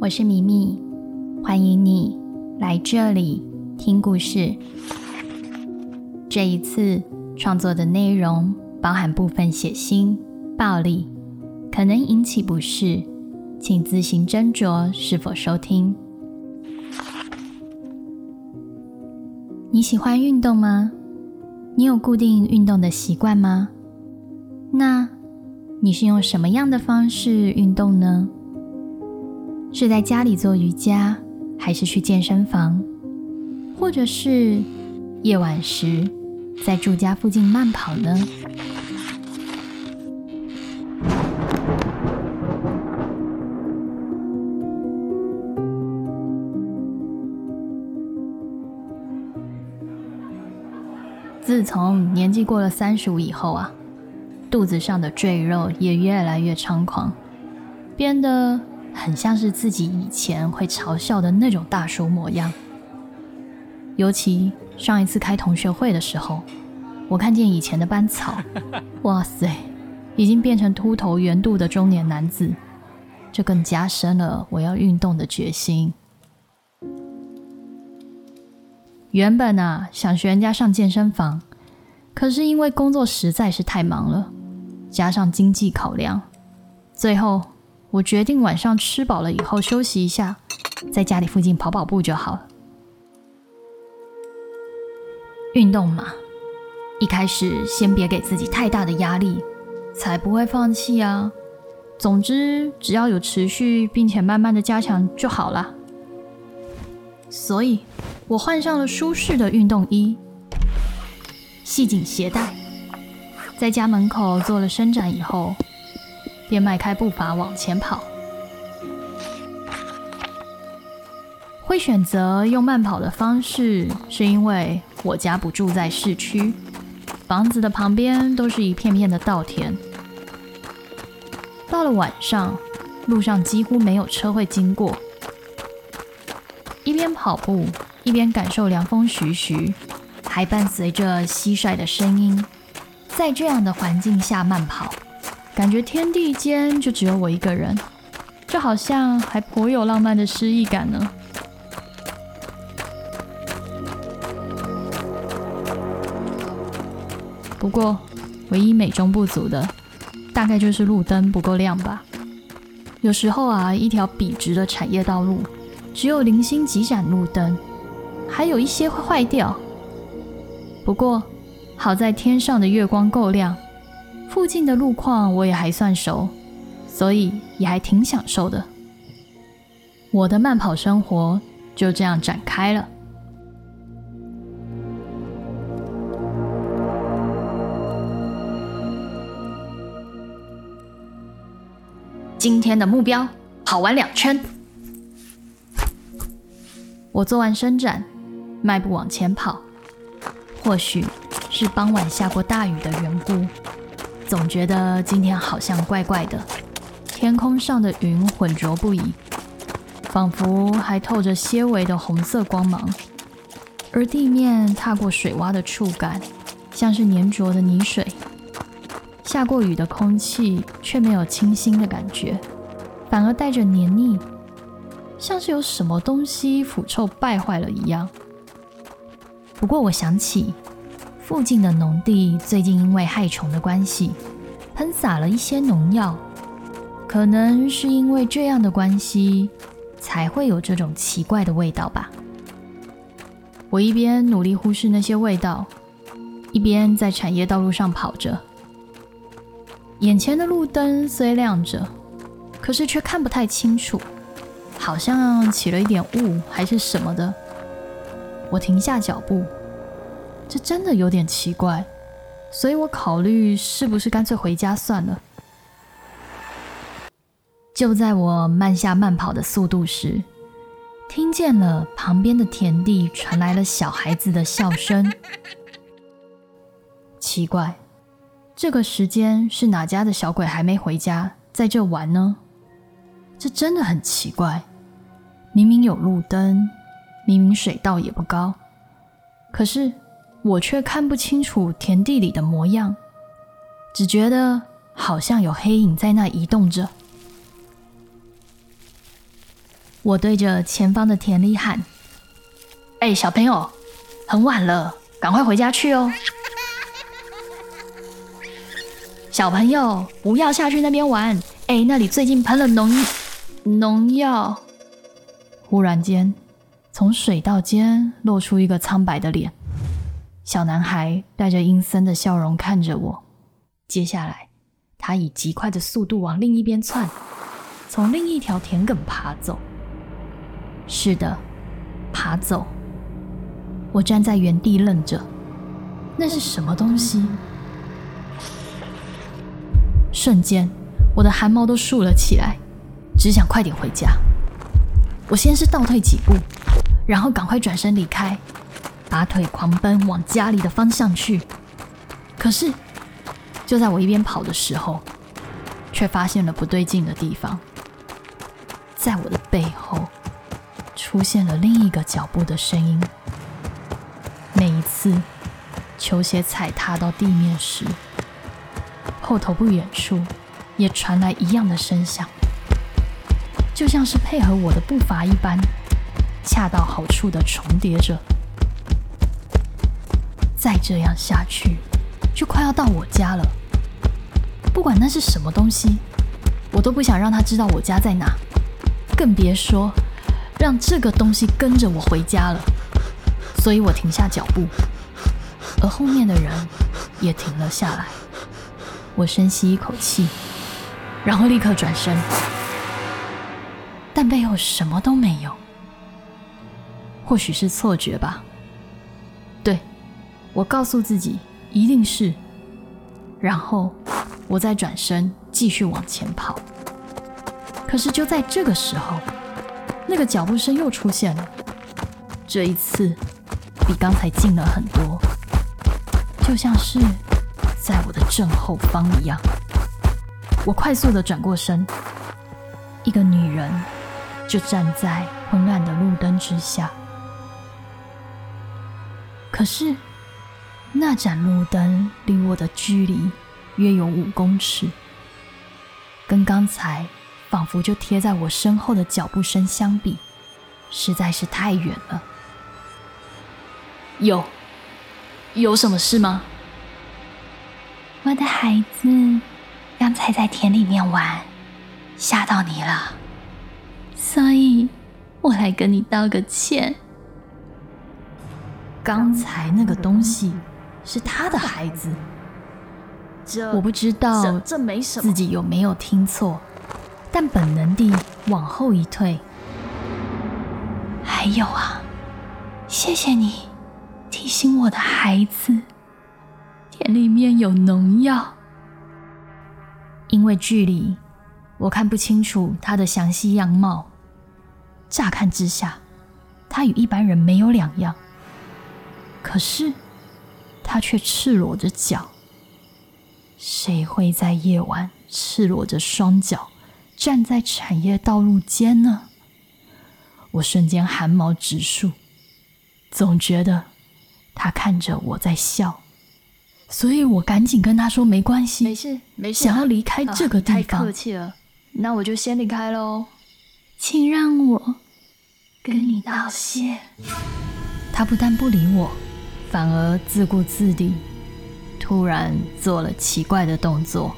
我是米米，歡迎你來這裡聽故事。這一次創作的內容包含部分血腥、暴力，可能引起不適，請自行斟酌是否收聽。你喜歡運動嗎？你有固定運動的習慣嗎？那，你是用什麼樣的方式運動呢？是在家裡做瑜伽，還是去健身房？或者是夜晚時在住家附近慢跑呢？自從年紀過了三十五以後啊，肚子上的贅肉也越來越猖狂，變得，很像是自己以前會嘲笑的那種大叔模樣。尤其上一次開同學會的時候，我看見以前的班草，哇塞，已經變成禿頭圓肚的中年男子，就更加深了我要運動的決心。原本啊，想學人家上健身房，可是因為工作實在是太忙了，加上經濟考量，最後，我決定晚上吃飽了以後休息一下，在家裡附近跑跑步就好了。運動嘛，一開始先別給自己太大的壓力，才不會放棄啊。總之，只要有持續，並且慢慢的加強就好了。所以，我換上了舒適的運動衣，繫緊鞋帶，在家門口做了伸展以後。便邁開步伐往前跑。會選擇用慢跑的方式，是因為我家不住在市區，房子的旁邊都是一片片的稻田。到了晚上，路上幾乎沒有車會經過。一邊跑步，一邊感受涼風徐徐，還伴隨着蟋蟀的聲音，在這樣的環境下慢跑。感覺天地間就只有我一個人，就好像還頗有浪漫的詩意感呢。不過，唯一美中不足的，大概就是路燈不夠亮吧。有時候啊，一條筆直的產業道路，只有零星幾盞路燈，還有一些會壞掉。不過，好在天上的月光夠亮。附近的路況我也還算熟，所以也還挺享受的。我的慢跑生活就這樣展開了。今天的目標，跑完兩圈。我做完伸展，邁步往前跑。或許是傍晚下過大雨的緣故。總覺得今天好像怪怪的，天空上的雲渾濁不已，仿佛還透着些微的紅色光芒。而地面踏過水洼的觸感，像是粘着的泥水。下過雨的空氣卻沒有清新的感覺，反而帶着黏膩，像是有什麼東西腐臭敗壞了一樣。不過我想起，附近的農地最近因為害蟲的關係，噴灑了一些農藥，可能是因為這樣的關係，才會有這種奇怪的味道吧。我一邊努力忽視那些味道，一邊在產業道路上跑着。眼前的路燈雖亮着，可是卻看不太清楚，好像起了一點霧還是什麼的。我停下腳步。這真的有點奇怪，所以我考慮是不是乾脆回家算了。就在我慢下慢跑的速度時，聽見了旁邊的田地傳來了小孩子的笑聲。奇怪，這個時間是哪家的小鬼還沒回家，在這玩呢？這真的很奇怪，明明有路燈，明明水稻也不高，可是……我卻看不清楚田地裡的模樣，只覺得好像有黑影在那移動着。我對着前方的田裡喊：“哎、欸，小朋友，很晚了，趕快回家去哦！ 小朋友，不要下去那邊玩，哎、欸，那裡最近噴了農農藥。”忽然間，從水稻間露出一個蒼白的臉。小男孩帶着陰森的笑容看着我。接下來，他以極快的速度往另一邊竄，從另一條田埂爬走。是的，爬走。我站在原地愣着。那是什麼東西？瞬間，我的汗毛都豎了起來，只想快點回家。我先是倒退幾步，然後趕快轉身離開。拔腿狂奔往家裡的方向去，可是，就在我一邊跑的時候，卻發現了不對勁的地方。在我的背後，出現了另一個腳步的聲音。每一次球鞋踩踏到地面時，後頭不遠處也傳來一樣的聲響，就像是配合我的步伐一般，恰到好處地重疊着。再這樣下去，就快要到我家了。不管那是什麼東西，我都不想讓他知道我家在哪，更別說讓這個東西跟着我回家了。所以我停下腳步，而後面的人也停了下來。我深吸一口氣，然後立刻轉身。但背後什麼都沒有，或許是錯覺吧。我告訴自己一定是，然後我再轉身繼續往前跑。可是就在這個時候，那個腳步聲又出現了，這一次比剛才近了很多，就像是在我的正後方一樣。我快速地轉過身，一個女人就站在昏暗的路燈之下。可是。那盞路燈離我的距離約有五公尺，跟剛才仿佛就貼在我身後的腳步聲相比，實在是太遠了。有，有什麼事嗎？我的孩子剛才在田裡面玩，嚇到你了，所以我來跟你道個歉。剛才那個東西。是他的孩子，我不知道自己有沒有聽錯，但本能地往後一退。還有啊，謝謝你提醒我的孩子，田裡面有農藥。因為距離，我看不清楚他的詳細樣貌，乍看之下，他與一般人沒有兩樣，可是。他卻赤裸着腳。誰會在夜晚赤裸着雙腳站在產業道路間呢？我瞬間寒毛直豎，總覺得他看着我在笑，所以我趕緊跟他說：“沒關係，沒事，沒事。”想要離開這個地方，啊，太客氣了，那我就先離開嘍。請讓我跟你道謝。他不但不理我。反而自顧自地，突然做了奇怪的動作，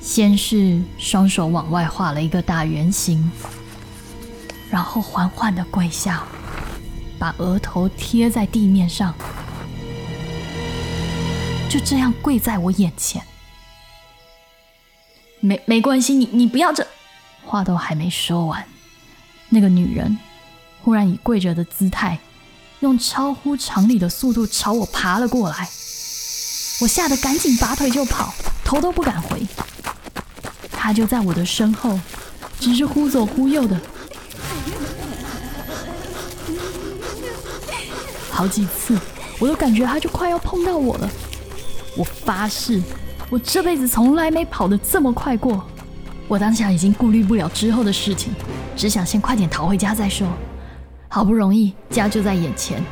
先是雙手往外畫了一個大圓形，然後緩緩的跪下，把額頭貼在地面上，就這樣跪在我眼前。沒沒關係，你你不要這，話都還沒說完，那個女人忽然以跪着的姿態。用超乎常理的速度朝我爬了過來，我嚇得趕緊拔腿就跑，頭都不敢回。他就在我的身後，只是忽左忽右的，好幾次我都感覺他就快要碰到我了。我發誓，我這輩子從來沒跑得這麼快過。我當下已經顧慮不了之後的事情，只想先快點逃回家再說。好不容易家就在眼前，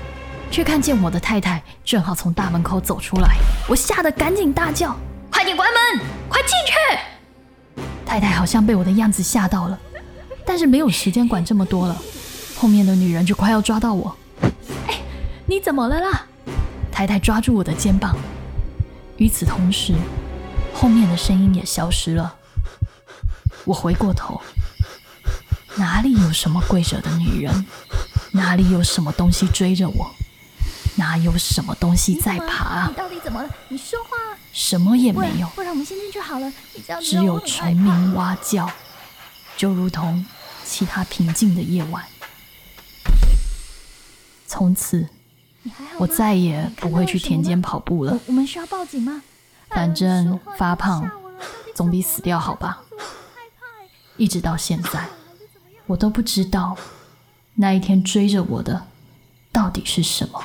卻看見我的太太正好從大門口走出來，我嚇得趕緊大叫：“快點關門，快進去！”太太好像被我的樣子嚇到了，但是沒有時間管這麼多了，後面的女人就快要抓到我。哎，你怎麼了啦？太太抓住我的肩膀，與此同時，後面的聲音也消失了。我回過頭，哪裡有什麼跪着的女人？哪裡有什麼東西追着我？哪有什麼東西在爬、啊、你,你到底怎麼了？你說話！什麼也沒有。不然我們先進去就好了,了，只有蟲鳴蛙叫，就如同其他平靜的夜晚。從此，我再也不會去田間跑步了我。我們需要報警嗎？啊、反正發胖總比死掉好吧？一直到現在，我都不知道。那一天追着我的，到底是什麼？